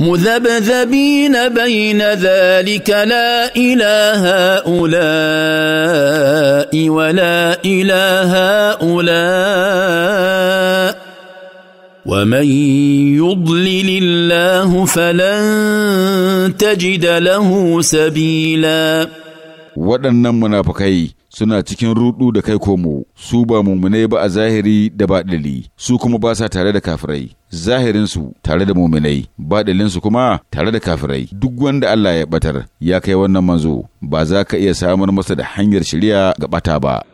مذبذبين بين ذلك لا إلى هؤلاء ولا إلى هؤلاء ومن يضلل الله فلن تجد له سبيلاً waɗannan munafukai suna cikin rudu da kai komo su ba muminai ba a zahiri da baɗili su kuma ba sa tare da kafirai zahirinsu tare da muminai su kuma tare da kafirai duk wanda Allah ya batar ya kai wannan manzo ba za ka iya samun masa da hanyar shirya ga ɓata ba